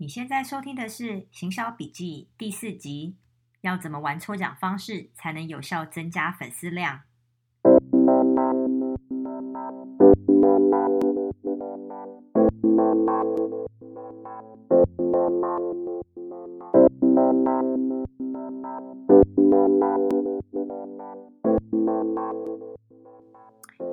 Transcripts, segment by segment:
你現在收聽的是《行銷筆記》第四集，要怎麼玩抽獎方式才能有效增加粉絲量？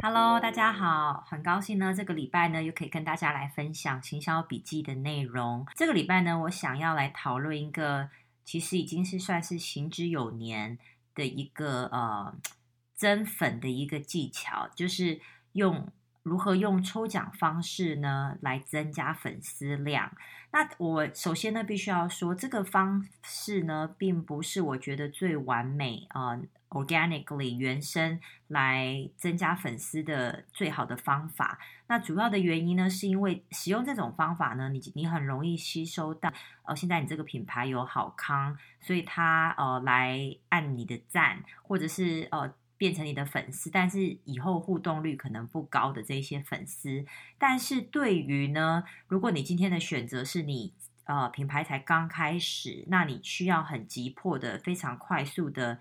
Hello，大家好，很高興呢，這個禮拜呢又可以跟大家來分享行銷筆記的內容。這個禮拜呢，我想要來討論一個其實已經是算是行之有年的一個呃增粉的一個技巧，就是用如何用抽獎方式呢來增加粉絲量。那我首先呢必須要說，這個方式呢並不是我覺得最完美啊。呃 Organically 原生來增加粉絲的最好的方法。那主要的原因呢，是因為使用這種方法呢，你你很容易吸收到，呃，現在你這個品牌有好康，所以他呃來按你的讚，或者是呃變成你的粉絲，但是以後互動率可能不高的這些粉絲。但是對於呢，如果你今天的選擇是你呃品牌才剛開始，那你需要很急迫的、非常快速的。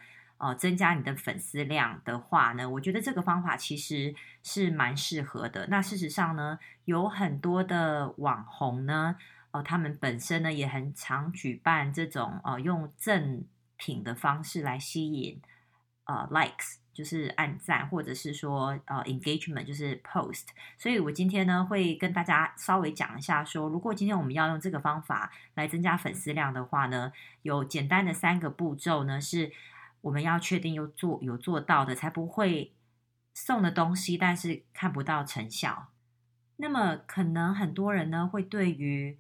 增加你的粉絲量的話呢，我覺得這個方法其實是蠻適合的。那事實上呢，有很多的網紅呢，呃、他們本身呢也很常舉辦這種、呃、用贈品的方式來吸引、呃、likes，就是按讚或者是說呃 engagement，就是 post。所以我今天呢會跟大家稍微講一下說，說如果今天我們要用這個方法來增加粉絲量的話呢，有簡單的三個步驟呢是，我們要確定有做有做到的才不會送的東西，但是看不到成效。那麼可能很多人呢會對於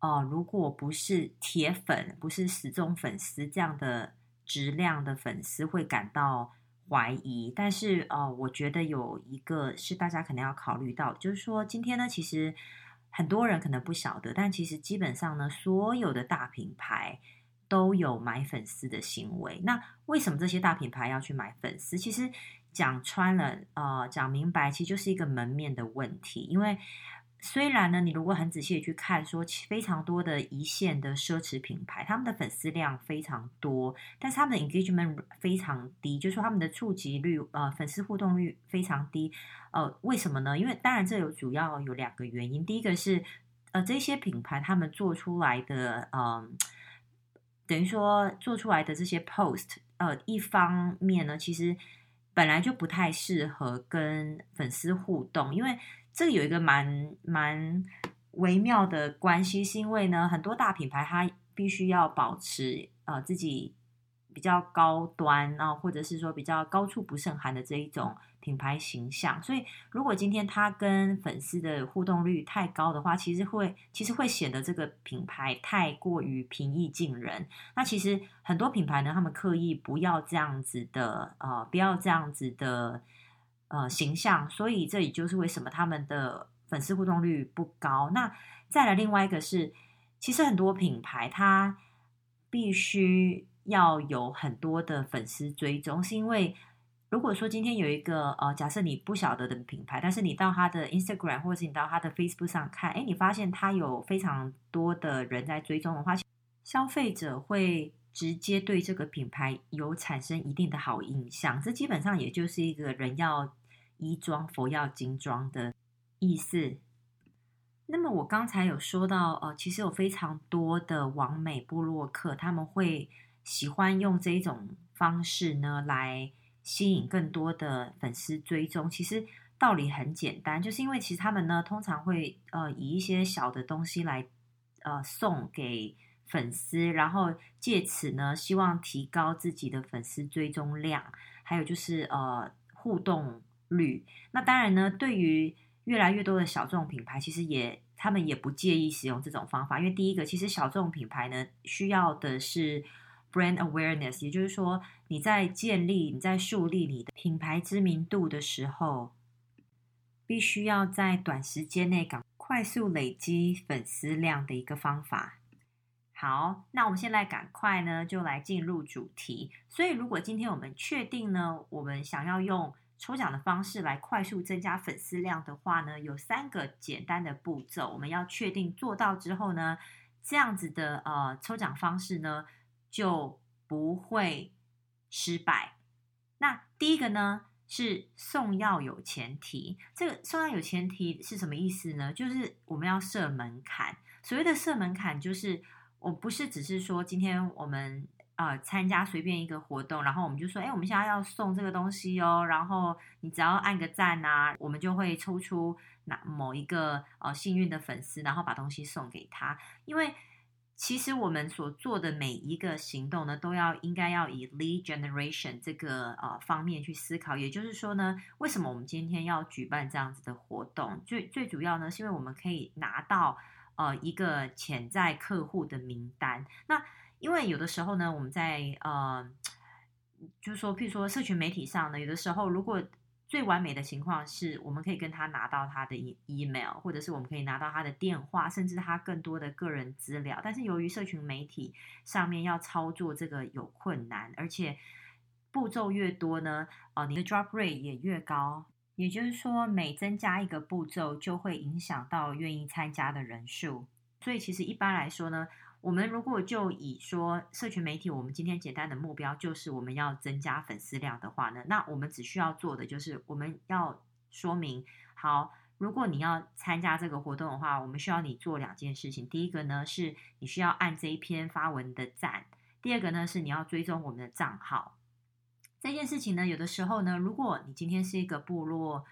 哦、呃，如果不是鐵粉，不是死忠粉絲這樣的質量的粉絲，會感到懷疑。但是哦、呃，我覺得有一個是大家可能要考慮到，就是說今天呢，其實很多人可能不曉得，但其實基本上呢，所有的大品牌，都有買粉絲的行為，那為什麼這些大品牌要去買粉絲？其實講穿了啊，呃，講明白，其實就是一個門面的問題。因為雖然呢，你如果很仔細的去看說，說非常多的一線的奢侈品牌，他們的粉絲量非常多，但是他們的 engagement 非常低，就是說他們的觸及率，呃，粉絲互動率非常低。呃，為什麼呢？因為當然這有主要有兩個原因，第一個是，呃，這些品牌他們做出來的嗯。呃等於說做出來的這些 post，呃，一方面呢，其實本來就不太適合跟粉絲互動，因為這有一個蠻蠻微妙的關係，是因為呢，很多大品牌它必須要保持呃自己。比較高端啊，哦，或者是說比較高處不勝寒的這一種品牌形象，所以如果今天他跟粉絲的互動率太高的話，其實會其實會顯得這個品牌太過於平易近人。那其實很多品牌呢，他們刻意不要這樣子的呃，不要這樣子的呃形象，所以這也就是為什麼他們的粉絲互動率不高。那再來另外一個是，其實很多品牌它必須。要有很多的粉絲追蹤，是因為如果說今天有一個呃，假設你不曉得的品牌，但是你到他的 Instagram 或者你到他的 Facebook 上看，哎，你發現他有非常多的人在追蹤的話，消費者會直接對這個品牌有產生一定的好印象。這基本上也就是一個人要衣裝佛要金裝的意思。那麼我剛才有說到，呃，其實有非常多的網美部落客他們會。喜歡用這一種方式呢，來吸引更多的粉絲追蹤。其實道理很簡單，就是因為其實他們呢，通常會呃以一些小的東西來呃送給粉絲，然後借此呢，希望提高自己的粉絲追蹤量，還有就是呃互動率。那當然呢，對於越來越多的小眾品牌，其實也他們也不介意使用這種方法，因為第一個，其實小眾品牌呢，需要的是。brand awareness，也就是說你在建立、你在樹立你的品牌知名度的時候，必須要在短時間內趕快速累積粉絲量的一個方法。好，那我們現在趕快呢，就來進入主題。所以，如果今天我們確定呢，我們想要用抽獎的方式來快速增加粉絲量的話呢，有三個簡單的步驟，我們要確定做到之後呢，這樣子的呃抽獎方式呢，就不會失敗。那第一個呢，是送要有前提。這個送要有前提是什麼意思呢？就是我們要設門檻。所謂的設門檻，就是我不是只是說今天我們呃參加隨便一個活動，然後我們就說，誒、欸，我們現在要送這個東西哦，然後你只要按個讚啊，我們就會抽出那某一個呃幸運的粉絲，然後把東西送給他，因為。其實我們所做的每一個行動呢，都要應該要以 Lead Generation 這個呃方面去思考。也就是說呢，為什麼我們今天要舉辦這樣子的活動？最最主要呢，是因為我們可以拿到呃一個潛在客戶的名單。那因為有的時候呢，我們在呃，就是說，譬如說社群媒體上呢，有的時候如果最完美的情況是我們可以跟他拿到他的 email，或者是我們可以拿到他的電話，甚至他更多的個人資料。但是由於社群媒體上面要操作這個有困難，而且步驟越多呢，呃，你的 drop rate 也越高。也就是說，每增加一個步驟，就會影響到願意參加的人數。所以其實一般來說呢，我們如果就以說社群媒體，我們今天簡單的目標就是我們要增加粉絲量的話呢，那我們只需要做的就是我們要說明：好，如果你要參加這個活動的話，我們需要你做兩件事情。第一個呢，是你需要按這一篇發文的讚；第二個呢，是你要追蹤我們的賬號。這件事情呢，有的時候呢，如果你今天是一個部落。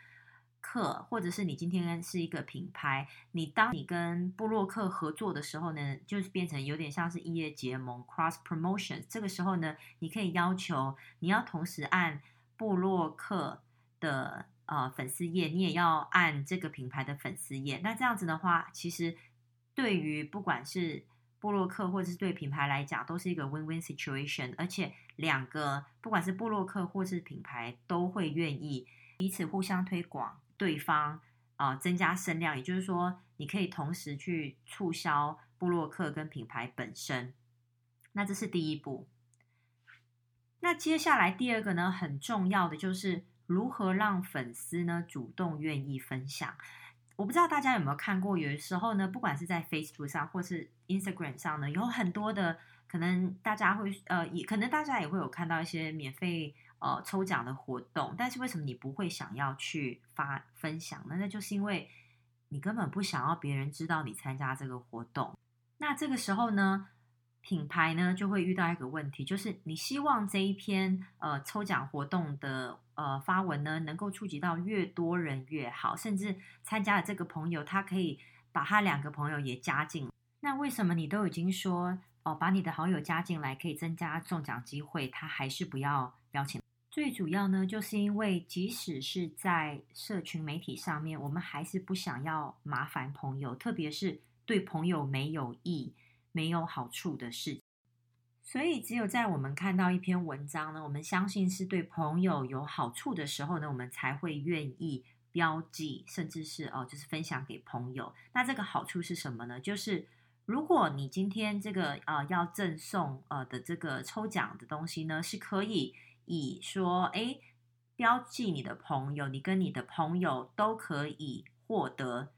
客，或者是你今天是一個品牌，你當你跟部落客合作的時候呢，就是變成有點像是異業結盟 （cross promotion）。這個時候呢，你可以要求你要同時按部落客的呃粉絲頁，你也要按這個品牌的粉絲頁。那這樣子的話，其實對於不管是部落客或者是對品牌來講，都是一個 win-win situation。而且兩個不管是部落客或者是品牌都會願意彼此互相推廣。對方啊、呃，增加聲量，也就是說，你可以同時去促銷部落客跟品牌本身，那這是第一步。那接下來第二個呢，很重要的就是如何讓粉絲呢主動願意分享。我不知道大家有沒有看過，有的時候呢，不管是在 Facebook 上或是 Instagram 上呢，有很多的可能大家會呃，也可能大家也會有看到一些免費。呃，抽獎的活動，但是為什麼你不會想要去發分享呢？那就是因為你根本不想要別人知道你參加這個活動。那這個時候呢，品牌呢就會遇到一個問題，就是你希望這一篇呃抽獎活動的呃發文呢，能夠觸及到越多人越好，甚至參加了這個朋友，他可以把他兩個朋友也加進來。那為什麼你都已經說哦、呃，把你的好友加進來可以增加中獎機會，他還是不要邀請？最主要呢，就是因為即使是在社群媒體上面，我們還是不想要麻煩朋友，特別是對朋友沒有益、沒有好處的事。所以，只有在我們看到一篇文章呢，我們相信是對朋友有好處的時候呢，我們才會願意標記，甚至是哦、呃，就是分享給朋友。那這個好處是什麼呢？就是如果你今天這個呃要贈送呃的這個抽獎的東西呢，是可以。以說，哎，標記你的朋友，你跟你的朋友都可以獲得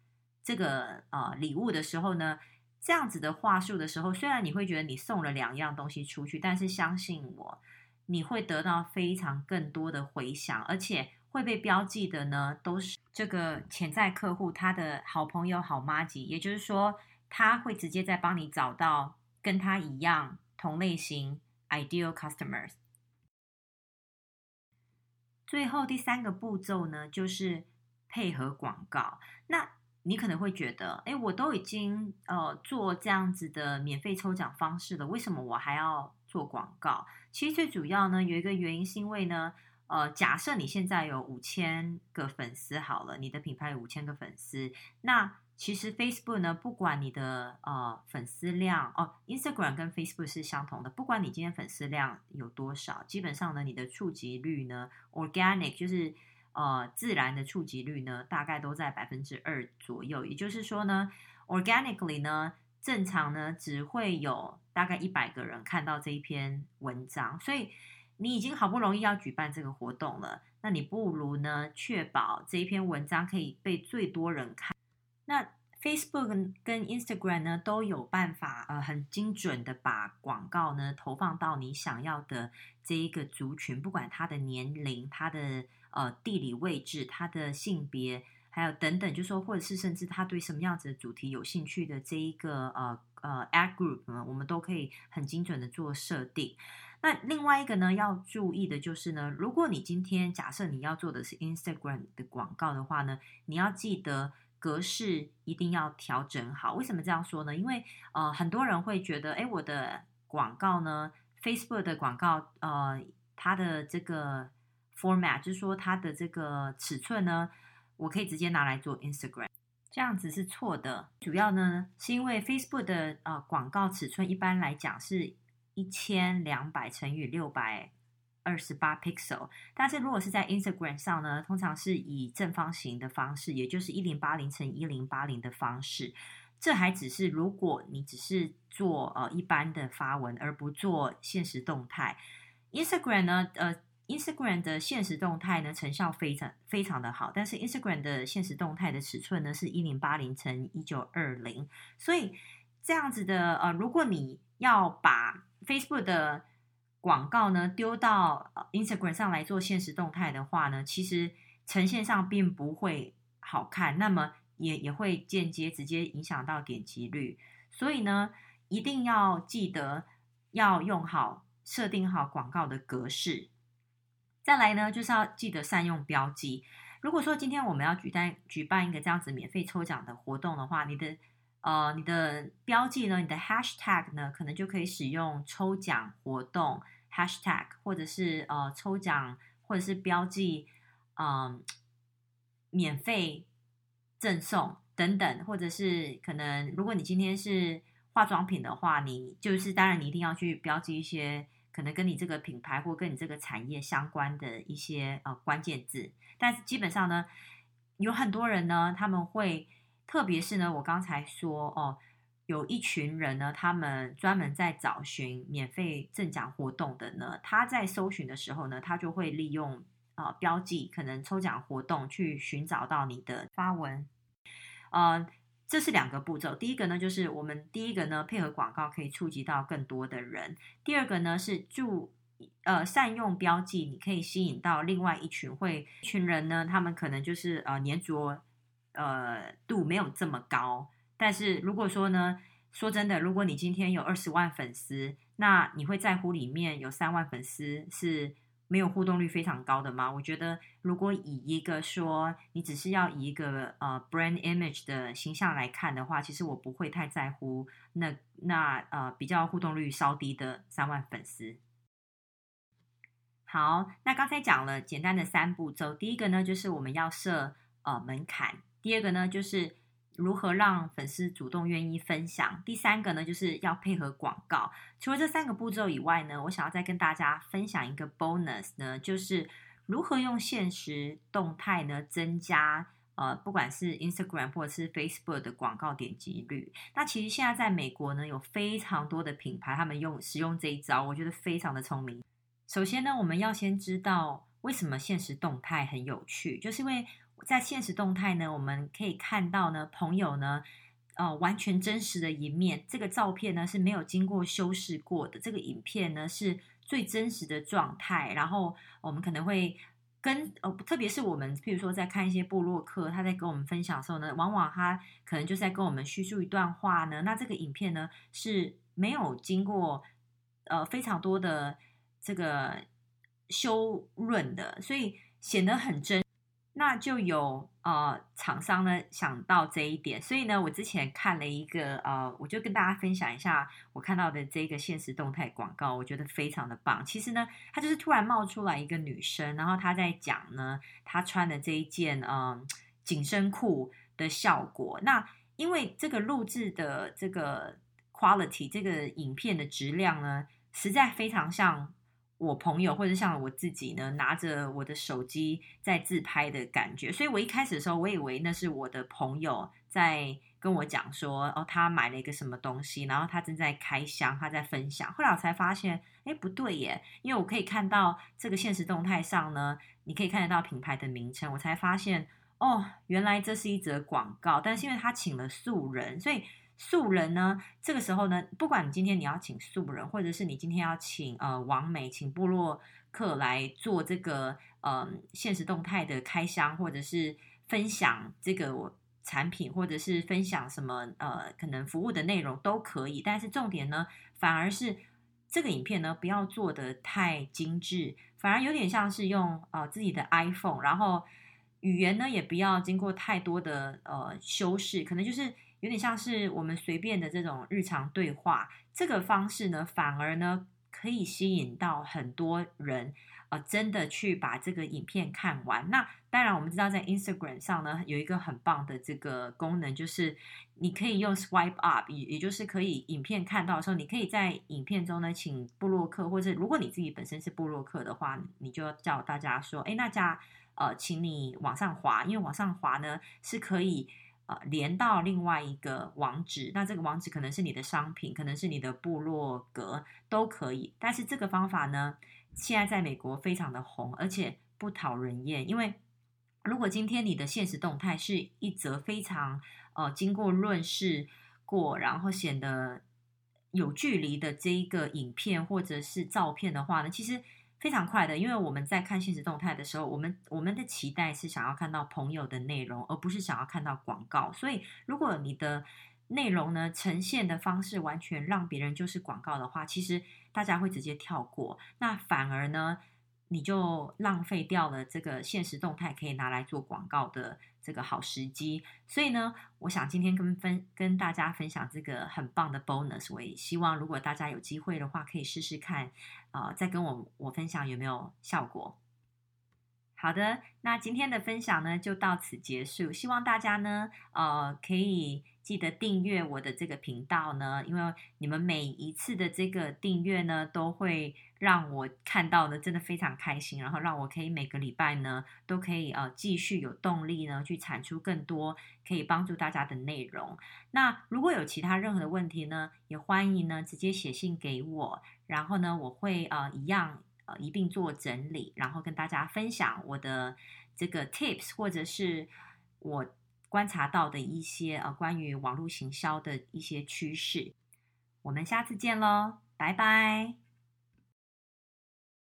這個呃禮物的時候呢，這樣子的話術的時候，雖然你會覺得你送了兩樣東西出去，但是相信我，你會得到非常更多的迴響，而且會被標記的呢，都是這個潛在客戶他的好朋友、好麻吉，也就是說，他會直接在幫你找到跟他一樣同類型 ideal customers。最後第三個步驟呢，就是配合廣告。那你可能會覺得，哎、欸，我都已經呃做這樣子的免費抽獎方式了，為什麼我還要做廣告？其實最主要呢，有一個原因是因為呢，呃，假設你現在有五千個粉絲好了，你的品牌有五千個粉絲，那。其實 Facebook 呢，不管你的呃粉絲量哦，Instagram 跟 Facebook 是相同的。不管你今天粉絲量有多少，基本上呢，你的觸及率呢，organic 就是呃自然的觸及率呢，大概都在百分之二左右。也就是說呢，organically 呢，正常呢只會有大概一百個人看到這一篇文章。所以你已經好不容易要舉辦這個活動了，那你不如呢確保這一篇文章可以被最多人看。那 Facebook 跟 Instagram 呢，都有辦法，呃，很精準的把廣告呢投放到你想要的這一個族群，不管他的年齡、他的呃地理位置、他的性別，還有等等，就是說或者是甚至他對什麼樣子的主題有興趣的這一個呃呃 ad group，我們都可以很精準的做設定。那另外一個呢，要注意的就是呢，如果你今天假設你要做的是 Instagram 的廣告的話呢，你要記得。格式一定要調整好。為什麼這樣說呢？因為呃，很多人會覺得，哎，我的廣告呢，Facebook 的廣告，呃，它的這個 format，就是說它的這個尺寸呢，我可以直接拿來做 Instagram，這樣子是錯的。主要呢，是因為 Facebook 的呃廣告尺寸一般來講是一千兩百乘以六百。二十八 pixel，但是如果是在 Instagram 上呢，通常是以正方形的方式，也就是一零八零乘一零八零的方式。這還只是如果你只是做呃一般的發文，而不做限時動態。Instagram 呢，呃，Instagram 的限時動態呢，成效非常非常的好。但是 Instagram 的限時動態的尺寸呢，是一零八零乘一九二零。所以這樣子的呃，如果你要把 Facebook 的廣告呢丟到 Instagram 上來做限時動態的話呢，其實呈現上並不會好看，那麼也也會間接直接影響到點擊率。所以呢，一定要記得要用好設定好廣告的格式。再來呢，就是要記得善用標記。如果說今天我們要舉辦舉辦一個這樣子免費抽獎的活動的話，你的。呃，你的標記呢？你的 hashtag 呢？可能就可以使用抽獎活動 hashtag，或者是呃抽獎，或者是標記，嗯、呃，免費贈送等等，或者是可能，如果你今天是化妝品的話，你就是當然你一定要去標記一些可能跟你這個品牌或跟你這個產業相關的一些呃關鍵字。但是基本上呢，有很多人呢，他們會。特別是呢，我剛才說哦，有一群人呢，他們專門在找尋免費贈獎活動的呢。他在搜尋的時候呢，他就會利用啊、呃、標記，可能抽獎活動去尋找到你的發文。嗯、呃，這是兩個步驟。第一個呢，就是我們第一個呢，配合廣告可以觸及到更多的人；第二個呢，是注呃善用標記，你可以吸引到另外一群會一群人呢，他們可能就是呃黏著。呃，度沒有這麼高，但是，如果說呢，說真的，如果你今天有二十萬粉絲，那你會在乎裡面有三萬粉絲是沒有互動率非常高的嗎？我覺得，如果以一個說你只是要以一個呃 brand image 的形象來看的話，其實我不會太在乎那那呃比較互動率稍低的三萬粉絲。好，那剛才講了簡單的三步走，第一個呢，就是我們要設呃門檻。第二個呢，就是如何讓粉絲主動願意分享；第三個呢，就是要配合廣告。除了這三個步驟以外呢，我想要再跟大家分享一個 bonus 呢，就是如何用限時動態呢，增加呃，不管是 Instagram 或者是 Facebook 的廣告點擊率。那其實現在在美國呢，有非常多的品牌他們用使用這一招，我覺得非常的聰明。首先呢，我們要先知道為什麼限時動態很有趣，就是因為。在限時動態呢，我們可以看到呢，朋友呢，呃，完全真實的一面。這個照片呢是沒有經過修飾過的，這個影片呢是最真實的狀態。然後我們可能會跟，呃，特別是我們，譬如說在看一些部落客，他在跟我們分享的時候呢，往往他可能就在跟我們敘述一段話呢。那這個影片呢是沒有經過呃非常多的這個修潤的，所以顯得很真。那就有呃廠商呢想到這一點，所以呢，我之前看了一個呃，我就跟大家分享一下我看到的這個限時動態廣告，我覺得非常的棒。其實呢，它就是突然冒出來一個女生，然後她在講呢她穿的這一件呃緊身褲的效果。那因為這個錄製的這個 quality 這個影片的質量呢，實在非常像。我朋友或者像我自己呢，拿着我的手機在自拍的感覺，所以我一開始的時候，我以為那是我的朋友在跟我講說，哦，他買了一個什麼東西，然後他正在開箱，他在分享。後來我才發現，誒，不對耶，因為我可以看到這個現實動態上呢，你可以看得到品牌的名稱，我才發現，哦，原來這是一則廣告，但是因為他請了素人，所以。素人呢，這個時候呢，不管你今天你要請素人，或者是你今天要請呃網美、請部落客來做這個呃限時動態的開箱，或者是分享這個產品，或者是分享什麼呃可能服務的內容都可以。但是重點呢，反而是這個影片呢，不要做得太精緻，反而有點像是用呃自己的 iPhone，然後語言呢也不要經過太多的呃修飾，可能就是。有點像是我們隨便的這種日常對話，這個方式呢，反而呢可以吸引到很多人，呃，真的去把這個影片看完。那當然，我們知道在 Instagram 上呢，有一個很棒的這個功能，就是你可以用 Swipe Up，也也就是可以影片看到的時候，你可以在影片中呢，請部落客，或者如果你自己本身是部落客的話，你就叫大家說，哎、欸，大家呃，請你往上滑，因為往上滑呢是可以。呃，連到另外一個網址，那這個網址可能是你的商品，可能是你的部落格，都可以。但是這個方法呢，現在在美國非常的紅，而且不討人厭，因為如果今天你的限時動態是一則非常哦、呃、經過潤飾過，然後顯得有距離的這一個影片或者是照片的話呢，其實。非常快的，因為我們在看限時動態的時候，我們我們的期待是想要看到朋友的內容，而不是想要看到廣告。所以，如果你的內容呢呈現的方式完全讓別人就是廣告的話，其實大家會直接跳過。那反而呢，你就浪費掉了這個限時動態可以拿來做廣告的這個好時機，所以呢，我想今天跟分跟大家分享這個很棒的 bonus。我也希望如果大家有機會的話，可以試試看，啊、呃，再跟我我分享有沒有效果。好的，那今天的分享呢就到此結束，希望大家呢，呃，可以。記得訂閱我的這個頻道呢，因為你們每一次的這個訂閱呢，都會讓我看到的真的非常開心，然後讓我可以每個禮拜呢都可以呃繼續有動力呢去產出更多可以幫助大家的內容。那如果有其他任何的問題呢，也歡迎呢直接寫信給我，然後呢我會呃一樣呃一併做整理，然後跟大家分享我的這個 tips 或者是我。觀察到的一些呃關於網絡行銷的一些趨勢，我們下次見嘍，拜拜。